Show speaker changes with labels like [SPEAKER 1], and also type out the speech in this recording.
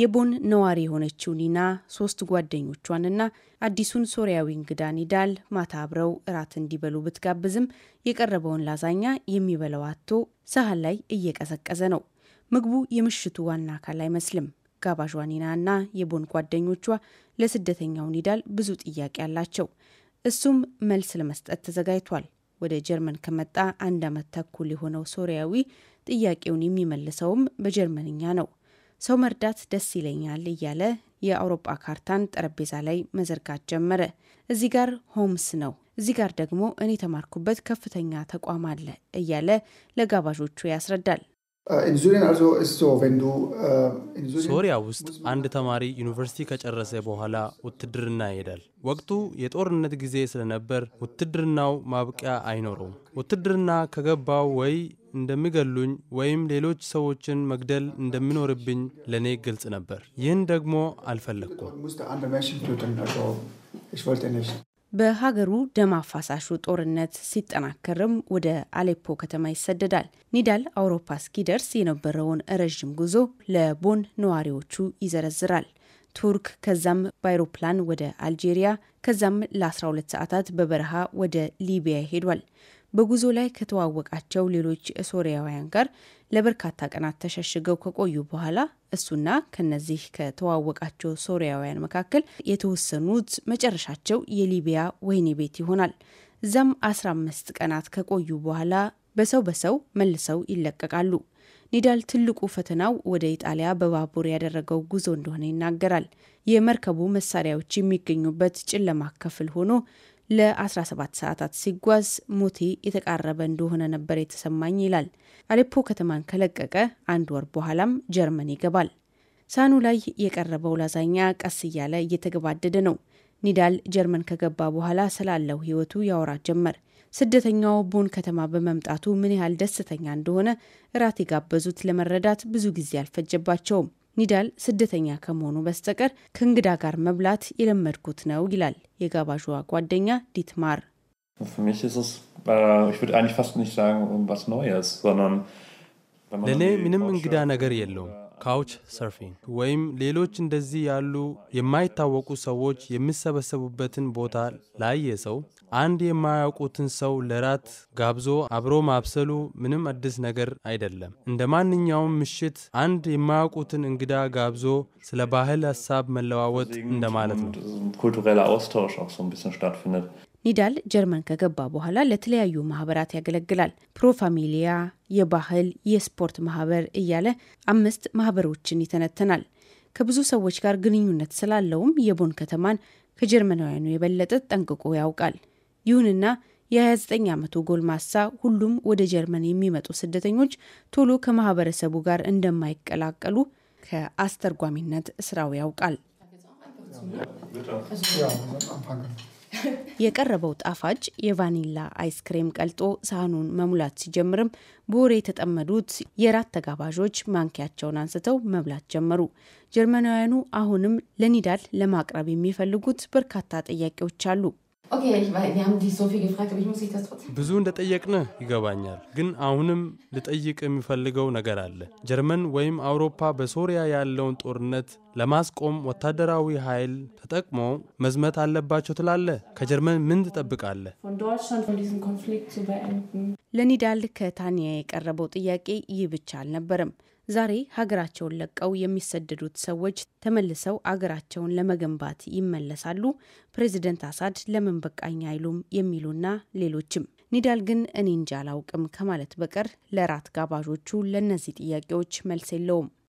[SPEAKER 1] የቦን ነዋሪ የሆነችው ኒና ሶስት ጓደኞቿንና አዲሱን ሶሪያዊ እንግዳ ኒዳል ማታ አብረው እራት እንዲበሉ ብትጋብዝም የቀረበውን ላዛኛ የሚበላው አቶ ሳህን ላይ እየቀዘቀዘ ነው። ምግቡ የምሽቱ ዋና አካል አይመስልም። ጋባዧ እና የቦን ጓደኞቿ ለስደተኛው ኒዳል ብዙ ጥያቄ አላቸው። እሱም መልስ ለመስጠት ተዘጋጅቷል። ወደ ጀርመን ከመጣ አንድ ዓመት ተኩል የሆነው ሶሪያዊ ጥያቄውን የሚመልሰውም በጀርመንኛ ነው። ሰው መርዳት ደስ ይለኛል እያለ የአውሮፓ ካርታን ጠረጴዛ ላይ መዘርጋት ጀመረ። እዚህ ጋር ሆምስ ነው፣ እዚህ ጋር ደግሞ እኔ ተማርኩበት ከፍተኛ ተቋም አለ እያለ ለጋባዦቹ ያስረዳል። Uh, uh, ሶሪያ
[SPEAKER 2] ውስጥ አንድ ተማሪ ዩኒቨርሲቲ ከጨረሰ በኋላ ውትድርና ይሄዳል። ወቅቱ የጦርነት ጊዜ ስለነበር ውትድርናው ማብቂያ አይኖረውም። ውትድርና ከገባው ወይ እንደሚገሉኝ ወይም ሌሎች ሰዎችን መግደል እንደሚኖርብኝ ለእኔ ግልጽ ነበር። ይህን ደግሞ አልፈለግኩም።
[SPEAKER 1] በሀገሩ ደም አፋሳሹ ጦርነት ሲጠናከርም ወደ አሌፖ ከተማ ይሰደዳል። ኒዳል አውሮፓ እስኪደርስ የነበረውን ረዥም ጉዞ ለቦን ነዋሪዎቹ ይዘረዝራል። ቱርክ፣ ከዛም በአይሮፕላን ወደ አልጄሪያ፣ ከዛም ለ12 ሰዓታት በበረሃ ወደ ሊቢያ ሄዷል። በጉዞ ላይ ከተዋወቃቸው ሌሎች ሶሪያውያን ጋር ለበርካታ ቀናት ተሸሽገው ከቆዩ በኋላ እሱና ከነዚህ ከተዋወቃቸው ሶሪያውያን መካከል የተወሰኑት መጨረሻቸው የሊቢያ ወህኒ ቤት ይሆናል። እዛም 15 ቀናት ከቆዩ በኋላ በሰው በሰው መልሰው ይለቀቃሉ። ኒዳል ትልቁ ፈተናው ወደ ኢጣሊያ በባቡር ያደረገው ጉዞ እንደሆነ ይናገራል። የመርከቡ መሳሪያዎች የሚገኙበት ጨለማ ክፍል ሆኖ ለ17 ሰዓታት ሲጓዝ ሞቴ የተቃረበ እንደሆነ ነበር የተሰማኝ ይላል። አሌፖ ከተማን ከለቀቀ አንድ ወር በኋላም ጀርመን ይገባል። ሳህኑ ላይ የቀረበው ላዛኛ ቀስ እያለ እየተገባደደ ነው። ኒዳል ጀርመን ከገባ በኋላ ስላለው ሕይወቱ ያወራት ጀመር። ስደተኛው ቦን ከተማ በመምጣቱ ምን ያህል ደስተኛ እንደሆነ እራት የጋበዙት ለመረዳት ብዙ ጊዜ አልፈጀባቸውም። ኒዳል ስደተኛ ከመሆኑ በስተቀር ከእንግዳ ጋር መብላት የለመድኩት ነው ይላል የጋባዥዋ ጓደኛ ዲትማር።
[SPEAKER 2] äh, ለእኔ ምንም እንግዳ ነገር የለውም። ካውች ሰርፊንግ ወይም ሌሎች እንደዚህ ያሉ የማይታወቁ ሰዎች የሚሰበሰቡበትን ቦታ ላየ ሰው አንድ የማያውቁትን ሰው ለራት ጋብዞ አብሮ ማብሰሉ ምንም አዲስ ነገር አይደለም። እንደ ማንኛውም ምሽት አንድ የማያውቁትን እንግዳ ጋብዞ ስለ ባህል ሀሳብ መለዋወጥ እንደማለት ነው።
[SPEAKER 1] ኒዳል ጀርመን ከገባ በኋላ ለተለያዩ ማህበራት ያገለግላል። ፕሮፋሚሊያ፣ የባህል፣ የስፖርት ማህበር እያለ አምስት ማህበሮችን ይተነትናል። ከብዙ ሰዎች ጋር ግንኙነት ስላለውም የቦን ከተማን ከጀርመናውያኑ የበለጠ ጠንቅቆ ያውቃል። ይሁንና የ29 ዓመቱ ጎልማሳ ሁሉም ወደ ጀርመን የሚመጡ ስደተኞች ቶሎ ከማህበረሰቡ ጋር እንደማይቀላቀሉ ከአስተርጓሚነት ስራው ያውቃል። የቀረበው ጣፋጭ የቫኒላ አይስክሬም ቀልጦ ሳህኑን መሙላት ሲጀምርም በወሬ የተጠመዱት የራት ተጋባዦች ማንኪያቸውን አንስተው መብላት ጀመሩ። ጀርመናውያኑ አሁንም ለኒዳል ለማቅረብ የሚፈልጉት በርካታ ጥያቄዎች አሉ።
[SPEAKER 2] ብዙ እንደጠየቅን ይገባኛል፣ ግን አሁንም ልጠይቅ የሚፈልገው ነገር አለ። ጀርመን ወይም አውሮፓ በሶሪያ ያለውን ጦርነት ለማስቆም ወታደራዊ ኃይል ተጠቅሞ መዝመት አለባቸው ትላለ? ከጀርመን ምን ትጠብቃለ?
[SPEAKER 1] ለኒዳል ከታንያ የቀረበው ጥያቄ ይህ ብቻ አልነበረም። ዛሬ ሀገራቸውን ለቀው የሚሰደዱት ሰዎች ተመልሰው አገራቸውን ለመገንባት ይመለሳሉ። ፕሬዚደንት አሳድ ለምን በቃኝ አይሉም የሚሉና ሌሎችም ኒዳል ግን እኔ እንጃ አላውቅም ከማለት በቀር ለራት ጋባዦቹ ለእነዚህ ጥያቄዎች መልስ የለውም።